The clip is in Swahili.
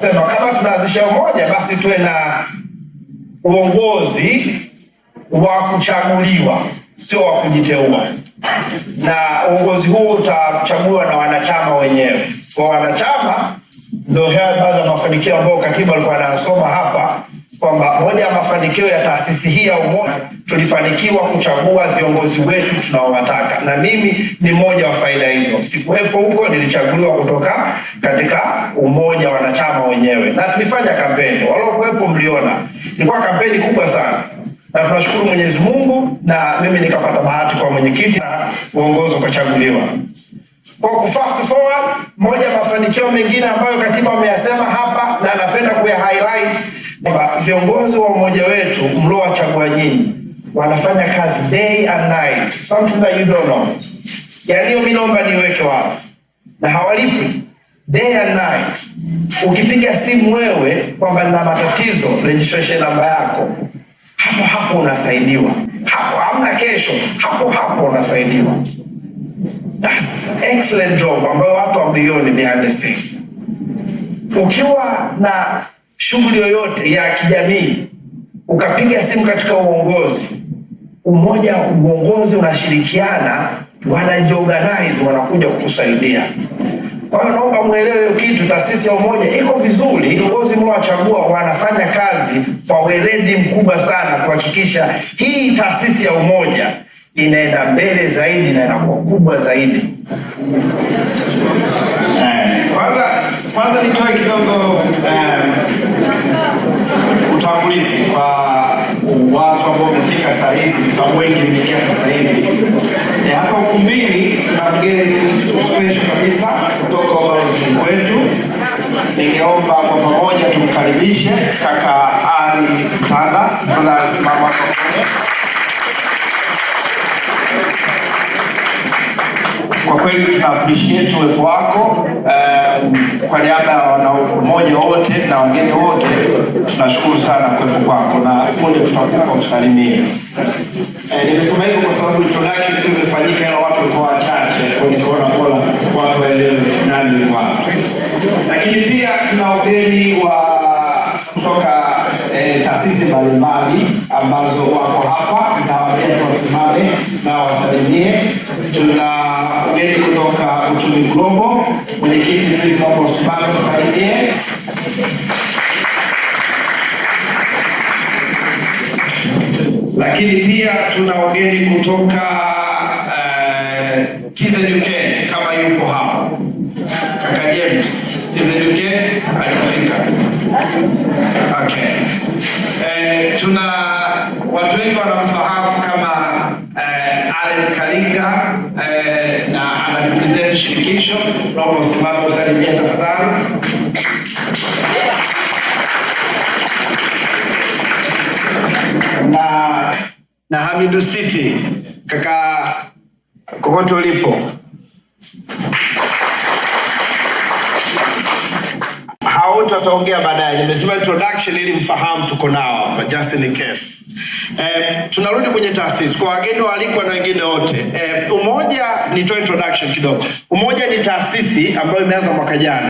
sema kama tunaanzisha umoja, basi tuwe na uongozi wa kuchaguliwa, sio wa kujiteua, na uongozi huu utachaguliwa na wanachama wenyewe. Kwa wanachama ndio baadhi ya mafanikio ambayo katiba alikuwa anasoma hapa kwamba moja ya mafanikio ya taasisi hii ya umoja tulifanikiwa kuchagua viongozi wetu tunaowataka, na mimi ni mmoja wa faida hizo. Sikuwepo huko, nilichaguliwa kutoka katika umoja wanachama wenyewe, na tulifanya kampeni, waliokuwepo mliona, ilikuwa kampeni kubwa sana na tunashukuru Mwenyezi Mungu na mimi nikapata bahati kwa mwenyekiti na uongozi ukachaguliwa. Kwa kufast forward, moja ya mafanikio mengine ambayo katiba ameyasema hapa na napenda kuya highlight kwamba viongozi wa umoja wetu mliowachagua nyinyi wanafanya kazi day and night, something that you don't know. Yaliyo mimi naomba niweke wazi na hawalipi day and night. Ukipiga simu wewe kwamba nina matatizo, registration namba yako hapo hapo unasaidiwa, hapo hamna kesho, hapo hapo unasaidiwa. That's excellent job ambayo watu wamilioni behind the scene. Ukiwa na shughuli yoyote ya kijamii ukapiga simu katika uongozi, umoja uongozi unashirikiana, wanajiorganize, wanakuja kukusaidia. Kwa hiyo naomba mwelewe kitu, taasisi ya umoja iko vizuri, viongozi mliowachagua wanafanya kazi kwa weledi mkubwa sana kuhakikisha hii taasisi ya umoja inaenda mbele zaidi na inakuwa kubwa zaidi. Eh, kwanza kwanza nitoe kidogo um, utangulizi kwa watu ambao wamefika saa hizi, kwa wengi mmeingia sasa hivi eh, hapa ukumbini mgeni special kabisa kutoka ubalozini wetu. Ningeomba kwa pamoja tumkaribishe kaka Ali Mtanda anasimama Kwa kweli tuna appreciate uwepo wako um, kwa niaba ya wanaumoja wote na wageni wote, tunashukuru sana kuwepo kwako na punde tutakupa kusalimia. Eh, nimesema hivyo kwa sababu introduction imefanyika na watu walikuwa Kola Kola watu waelewe nani ni Lakini pia tuna ugeni wa kutoka eh, taasisi mbalimbali ambazo wako hapa, nitawataka wasimame na wasalimie. Tuna ugeni kutoka Uchumi Global, mwenyekiti Luis Osman, lakini pia tuna ugeni kutoka Chizeduke kama yuko hapo, kaka James Chizeduke atafika. Okay. Eh, tuna watu wengi wanamfahamu kama eh, Allen Kalinga eh, na anarepresent shirikisho. Naomba usimame usalimia tafadhali. na na Hamidu City kaka popote ulipo, hao wataongea baadaye. Nimesema introduction ili mfahamu tuko nao hapa, just in case. Eh, tunarudi kwenye taasisi kwa wageni waalikwa na wengine wote. Eh, Umoja, nitoe introduction kidogo. Umoja ni taasisi ambayo imeanza mwaka jana.